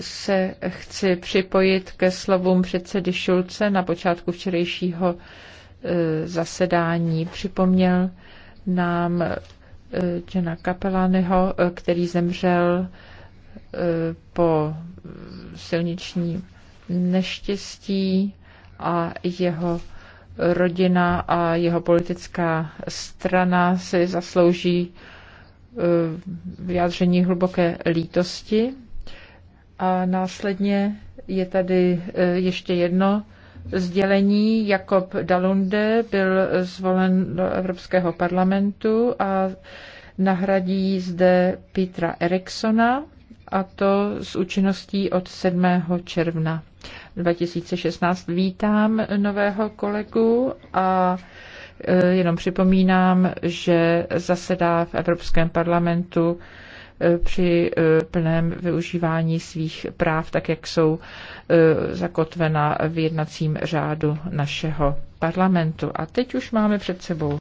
se chci připojit ke slovům předsedy Šulce na počátku včerejšího e, zasedání. Připomněl nám e, Jana Kapelányho, e, který zemřel po silničním neštěstí a jeho rodina a jeho politická strana si zaslouží vyjádření hluboké lítosti a následně je tady e, ještě jedno sdělení. Jakob Dalunde byl zvolen do Evropského parlamentu a nahradí zde Petra Eriksona a to s účinností od 7. června 2016. Vítám nového kolegu a e, jenom připomínám, že zasedá v Evropském parlamentu Eh, při eh, plném využívání svých práv, tak jak jsou eh, zakotvena v jednacím řádu našeho parlamentu. A teď už máme před sebou